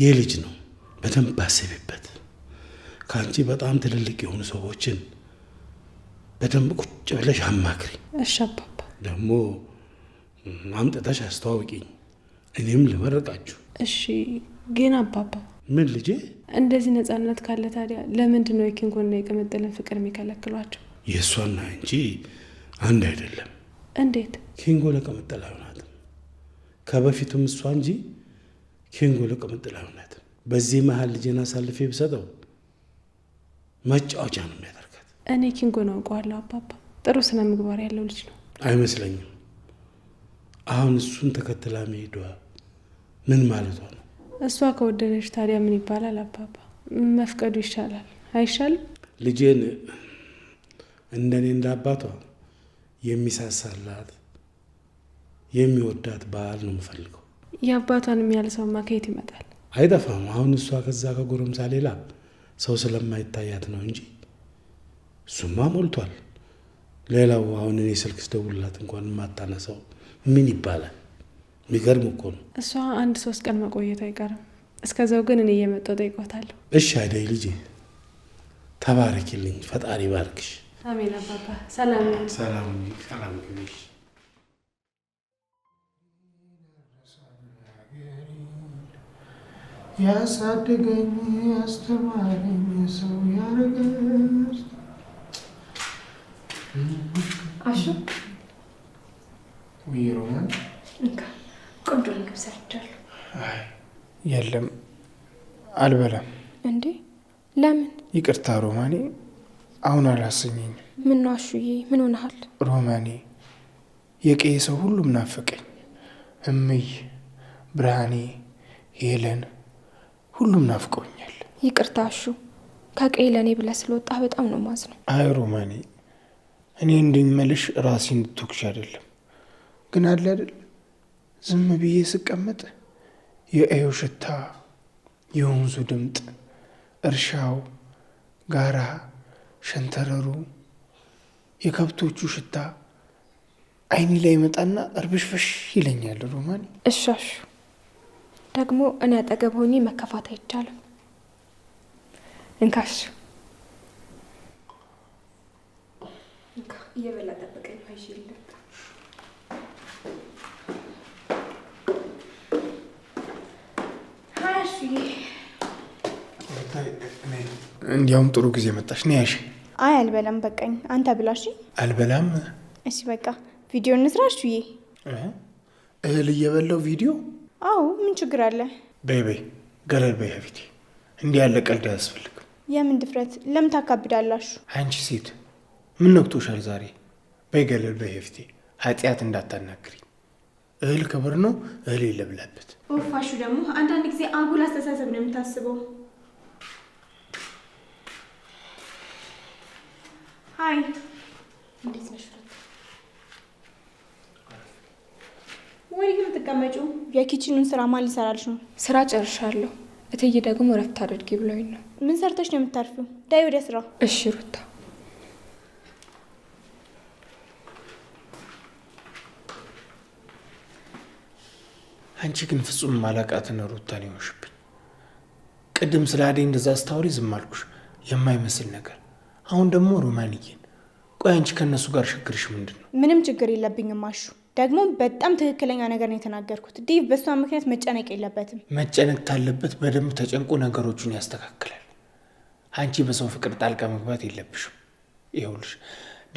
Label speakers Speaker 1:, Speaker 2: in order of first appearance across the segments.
Speaker 1: ይህ ልጅ ነው። በደንብ አስቢበት። ከአንቺ በጣም ትልልቅ የሆኑ ሰዎችን በደንብ ቁጭ ብለሽ አማክሪ። እሺ አባባ። ደግሞ አምጥተሽ አስተዋውቂኝ፣ እኔም ልመርቃችሁ
Speaker 2: እሺ። ግን አባባ ምን ልጄ? እንደዚህ ነጻነት ካለ ታዲያ ለምንድን ነው የኪንጎና የቅምጥልን ፍቅር የሚከለክሏቸው?
Speaker 1: የእሷና እንጂ አንድ አይደለም። እንዴት? ኪንጎ ለቅምጥል አይሆናትም። ከበፊቱም እሷ እንጂ ኪንጉ ቅምጥል አውነት በዚህ መሀል ልጅን አሳልፌ ብሰጠው መጫወቻ ነው የሚያደርጋት።
Speaker 2: እኔ ነው አውቀዋለሁ አባባ፣ ጥሩ ስነ ምግባር ያለው ልጅ ነው።
Speaker 1: አይመስለኝም። አሁን እሱን ተከትላ መሄዷ ምን ማለቷ ነው?
Speaker 2: እሷ ከወደደች ታዲያ ምን ይባላል አባባ? መፍቀዱ ይሻላል አይሻልም?
Speaker 1: ልጄን እንደኔ እንደ አባቷ የሚሳሳላት የሚወዳት ባል ነው የምፈልገው።
Speaker 2: የአባቷንም ያለ ሰውማ ከየት ይመጣል?
Speaker 1: አይጠፋም። አሁን እሷ ከዛ ከጎረምሳ ሌላ ሰው ስለማይታያት ነው እንጂ እሱማ ሞልቷል። ሌላው አሁን እኔ ስልክ ስደውልላት እንኳን የማታነሳው ምን ይባላል? የሚገርም እኮ ነው።
Speaker 2: እሷ አንድ ሶስት ቀን መቆየቱ አይቀርም። እስከዛው ግን እኔ እየመጣሁ ጠይቆታለሁ።
Speaker 1: እሺ አይደይ ልጄ፣ ተባረኪልኝ። ፈጣሪ ባርክሽ።
Speaker 2: አሜን አባባ። ሰላም
Speaker 1: ሰላም ሰላም ያሳደገኝ
Speaker 2: ያስተማረኝ ሰው አሹ ቆንጆ ምግብ ሰርቻለሁ።
Speaker 1: የለም አልበላም።
Speaker 2: እንዴ ለምን?
Speaker 1: ይቅርታ ሮማኔ፣ አሁን አላሰኘኝም።
Speaker 2: ምን ነው አሹዬ፣ ምን ሆነሃል?
Speaker 1: ሮማኔ፣ የቀዬ ሰው ሁሉም ናፈቀኝ። እምይ፣ ብርሃኔ፣ ሄለን ሁሉም ናፍቆኛል።
Speaker 2: ይቅርታ እሹ፣ ከቀይ ለእኔ ብለህ ስለወጣ በጣም ነው ማዝነው።
Speaker 1: አይ ሮማኔ፣ እኔ እንድመልሽ ራሴ እንድትወቅሽ አይደለም፣ ግን አለ አይደል ዝም ብዬ ስቀመጥ የኤው ሽታ፣ የወንዙ ድምጥ፣ እርሻው፣ ጋራ፣ ሸንተረሩ፣ የከብቶቹ ሽታ አይኔ ላይ መጣና እርብሽፍሽ ይለኛል። ሮማኔ
Speaker 2: እሻሹ ደግሞ እኔ አጠገብ ሆኜ መከፋት አይቻልም። እንካሽ እየበላ
Speaker 1: እንዲያውም ጥሩ ጊዜ መጣሽ። ነይ ያሽ።
Speaker 2: አይ አልበላም፣ በቃኝ። አንተ ብላሽ። አልበላም። እሺ በቃ ቪዲዮ እንስራ። እሺ
Speaker 1: እህል እየበላው ቪዲዮ።
Speaker 2: አዎ ምን ችግር አለ?
Speaker 1: በይ በይ ገለል በይ ከፊቴ። እንዲህ ያለ ቀልድ አያስፈልግም።
Speaker 2: የምን ድፍረት ለምን ታካብዳላችሁ?
Speaker 1: አንቺ ሴት ምን ነክቶሻል ዛሬ? በይ ገለል በይ ከፊቴ። ኃጢአት እንዳታናግሪኝ። እህል ክብር ነው፣ እህል የለብላበት።
Speaker 2: ኦፋሹ ደግሞ አንዳንድ ጊዜ አጉል አስተሳሰብ ነው የምታስበው። ሀይ እንዴት ነሽ? የምትቀመጪው? የኪችኑን ስራ ማን ሊሰራልሽ ነው? ስራ ጨርሻለሁ። እትዬ ደግሞ እረፍት አድርጊ ብለውኝ ነው። ምን ሰርተሽ ነው የምታርፊው? ዳይ ወደ ስራው። እሺ ሩታ
Speaker 1: አንቺ ግን ፍጹም ማላቃትን ሩታን ይሆንሽብኝ። ቅድም ስለ አደይ እንደዛ አስታውሪ ዝም አልኩሽ፣ የማይመስል ነገር። አሁን ደግሞ ሮማንዬን። ቆይ አንቺ ከእነሱ ጋር ችግርሽ ምንድን ነው?
Speaker 2: ምንም ችግር የለብኝም አሹ ደግሞ በጣም ትክክለኛ ነገር ነው የተናገርኩት። ዲቭ በእሷ ምክንያት መጨነቅ የለበትም።
Speaker 1: መጨነቅ ካለበት በደንብ ተጨንቆ ነገሮቹን ያስተካክላል። አንቺ በሰው ፍቅር ጣልቃ መግባት የለብሽም። ይኸውልሽ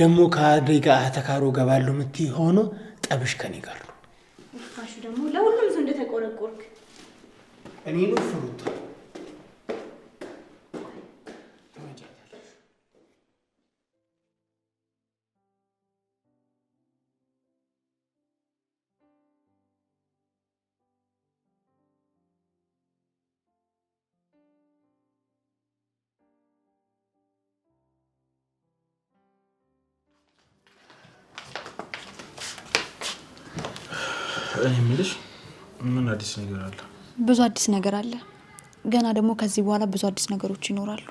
Speaker 1: ደግሞ ከአደይ ጋር ተካሮ ገባለሁ የምትይ ሆኖ ጠብሽ ከኔ ጋር ነው።
Speaker 2: ደግሞ ለሁሉም ሰው እንደተቆረቆርክ
Speaker 1: እኔ ነው ፍሩታ የምልሽ ምን አዲስ ነገር አለ?
Speaker 2: ብዙ አዲስ ነገር አለ። ገና ደግሞ ከዚህ በኋላ ብዙ አዲስ ነገሮች ይኖራሉ።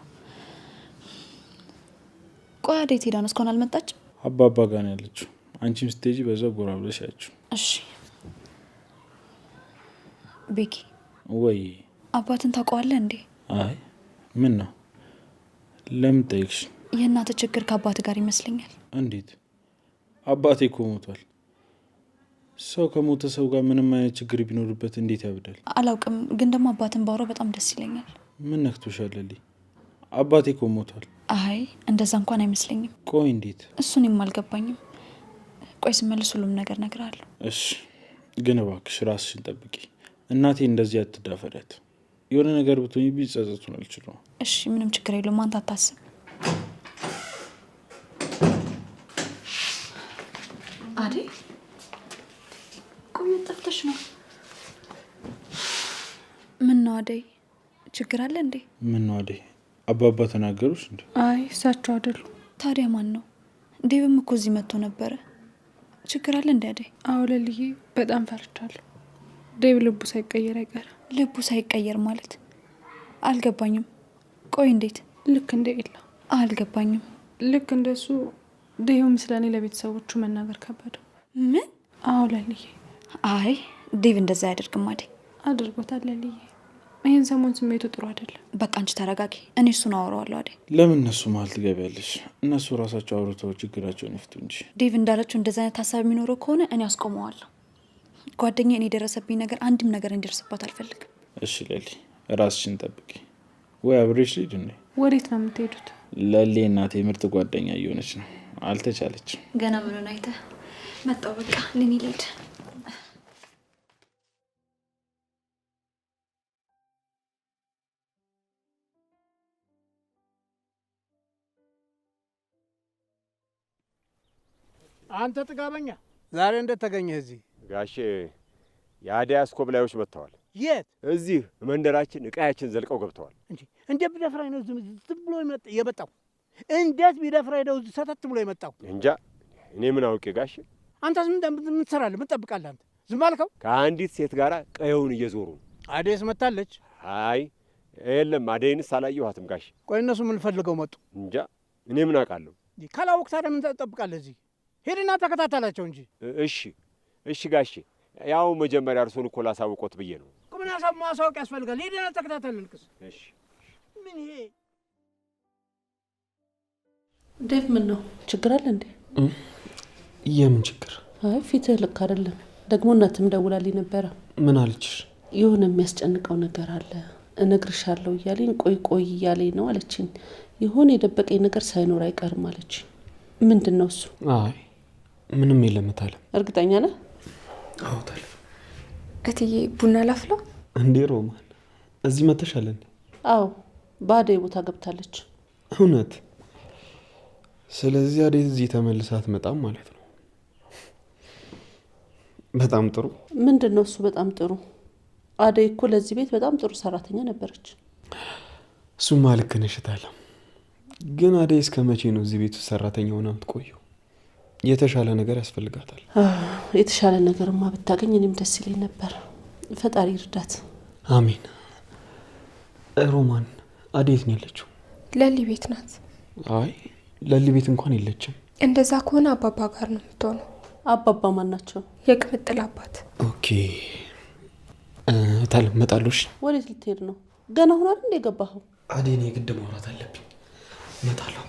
Speaker 2: ቆይ አደይ ትሄዳ ነው? እስካሁን አልመጣችም።
Speaker 1: አባባ ጋር ነው ያለችው። አንቺም ስትሄጂ በዛው ጎራ ብለሽ ያችው።
Speaker 2: እሺ ቤኪ። ወይ አባትን ታውቀዋለህ እንዴ?
Speaker 1: አይ ምን ነው ለምን ጠይቅሽ?
Speaker 2: የእናትህ ችግር ከአባት ጋር ይመስለኛል።
Speaker 1: እንዴት? አባቴ እኮ ሞቷል። ሰው ከሞተ ሰው ጋር ምንም አይነት ችግር ቢኖርበት እንዴት ያብዳል?
Speaker 2: አላውቅም፣ ግን ደግሞ አባትን ባሮ በጣም ደስ ይለኛል።
Speaker 1: ምን ነክቶሻል? አባቴ እኮ ሞቷል።
Speaker 2: አይ እንደዛ እንኳን አይመስለኝም። ቆይ እንዴት? እሱንም አልገባኝም። ቆይ ስመልስ ሁሉም ነገር እነግርሃለሁ።
Speaker 1: እሺ፣ ግን እባክሽ ራስሽን ጠብቂ። እናቴ እንደዚህ አትዳፈሪያት። የሆነ ነገር ብትሆኝ ቢጸጸቱን አልችለውም።
Speaker 2: እሺ፣ ምንም ችግር የለውም። አንተ አታስብ። አደይ ችግር አለ እንዴ?
Speaker 1: ምን ነው አደይ፣ አባባ ተናገሩሽ እንዴ?
Speaker 2: አይ እሳቸው አይደሉ። ታዲያ ማን ነው? ዴብም እኮ እዚህ መጥቶ ነበረ። ችግር አለ እንዴ አደይ? አዎ ለልዬ፣ በጣም ፈርቻለሁ። ዴብ ልቡ ሳይቀየር አይቀር። ልቡ ሳይቀየር ማለት አልገባኝም። ቆይ እንዴት? ልክ እንደ ኤላ አልገባኝም። ልክ እንደሱ ዴብም ስለ እኔ ለቤተሰቦቹ መናገር ከበደው። ምን? አዎ ለልዬ። አይ ዴብ እንደዛ አያደርግም አደይ። አድርጎታል ለልዬ ይህን ሰሞን ስሜቱ ጥሩ አይደለም። በቃ አንቺ ተረጋጊ፣ እኔ እሱን አወራዋለሁ። አዴ
Speaker 1: ለምን እነሱ መሀል ትገቢያለሽ? እነሱ ራሳቸው አውርተው ችግራቸውን ይፍቱ እንጂ።
Speaker 2: ዴቭ እንዳለችው እንደዚ አይነት ሀሳብ የሚኖረው ከሆነ እኔ አስቆመዋለሁ። ጓደኛ እኔ የደረሰብኝ ነገር አንድም ነገር እንዲደርስባት አልፈልግም።
Speaker 1: እሺ ለሊ ራስሽን ጠብቂ። ወይ አብሬሽ ልሂድ እንዴ?
Speaker 2: ወዴት ነው የምትሄዱት?
Speaker 1: ለሌ እናቴ ምርጥ ጓደኛ እየሆነች ነው። አልተቻለችም።
Speaker 2: ገና ምንን አይተህ መጣው። በቃ ልሂድ
Speaker 3: አንተ ጥጋበኛ ዛሬ እንዴት ተገኘህ እዚህ?
Speaker 4: ጋሼ የአደይ አስኮብላዮች መጥተዋል። የት? እዚህ መንደራችን እቃያችን ዘልቀው ገብተዋል።
Speaker 3: እንዴ እንዴት ቢደፍራኝ ነው ዝም ብሎ የመጣው? እንዴት ቢደፍራኝ ነው ሰተት ብሎ የመጣው?
Speaker 4: እንጃ እኔ ምን አውቄ ጋሼ።
Speaker 3: አንተስ ምን ምን ትሰራለህ? ምን ጠብቃለህ? አንተ ዝም አልከው።
Speaker 4: ከአንዲት ሴት ጋር ቀየውን እየዞሩ ነው።
Speaker 3: አደይስ መታለች?
Speaker 4: አይ የለም አደይንስ አላየኋትም ጋሼ።
Speaker 3: ቆይ እነሱ ምን ፈልገው መጡ?
Speaker 4: እንጃ እኔ ምን አውቃለሁ።
Speaker 3: ካላወቅታ ምን ትጠብቃለህ እዚህ ሄድና ተከታተላቸው እንጂ።
Speaker 4: እሺ እሺ ጋሼ፣ ያው መጀመሪያ እርሶን እኮ ላሳውቆት ብዬ ነው።
Speaker 3: ቁምና ሰብ ማሳወቅ ያስፈልጋል። ሄድና ተከታተል ልቅስ።
Speaker 4: እሺ ምን ይሄ
Speaker 2: ዴቭ፣ ምን ነው ችግር አለ እንዴ? የምን ችግር? አይ ፊትህ ልክ አይደለም። ደግሞ እናትም ደውላልኝ ነበረ። ምን አለችሽ? የሆነ የሚያስጨንቀው ነገር አለ እነግርሻለሁ እያለኝ ቆይ ቆይ እያለኝ ነው አለችኝ። የሆነ የደበቀኝ ነገር ሳይኖር አይቀርም አለችኝ። ምንድን ነው እሱ?
Speaker 1: አይ ምንም የለም ታለም። እርግጠኛ ነህ? አዎ ታለም።
Speaker 2: እትዬ ቡና ላፍላ
Speaker 1: እንዴ? ሮማን እዚህ መተሻለን?
Speaker 2: አዎ በአደይ ቦታ ገብታለች።
Speaker 1: እውነት? ስለዚህ አደይ እዚህ ተመልሳ አትመጣም ማለት ነው። በጣም ጥሩ።
Speaker 2: ምንድን ነው እሱ? በጣም ጥሩ። አደይ እኮ ለዚህ ቤት በጣም ጥሩ ሰራተኛ ነበረች።
Speaker 1: እሱማ ልክ ነሽ ታለም። ግን አደይ እስከ መቼ ነው እዚህ ቤት ውስጥ ሰራተኛ ሆና የምትቆየው? የተሻለ ነገር ያስፈልጋታል።
Speaker 2: የተሻለ ነገርማ ብታገኝ እኔም ደስ ይለኝ ነበር። ፈጣሪ እርዳት።
Speaker 1: አሜን። ሮማን አዴት ነው ያለችው?
Speaker 2: ለሊ ቤት ናት።
Speaker 1: አይ ለሊ ቤት እንኳን የለችም።
Speaker 2: እንደዛ ከሆነ አባባ ጋር ነው የምትሆነው። አባባ ማን ናቸው? የቅምጥል አባት።
Speaker 1: ኦኬ ታል
Speaker 2: ወዴት ልትሄድ ነው? ገና ሁናል እንደ የገባኸው?
Speaker 1: አዴን የግድ ማውራት አለብኝ። መጣለሁ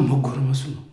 Speaker 1: በጣም መጎረመሱ ነው።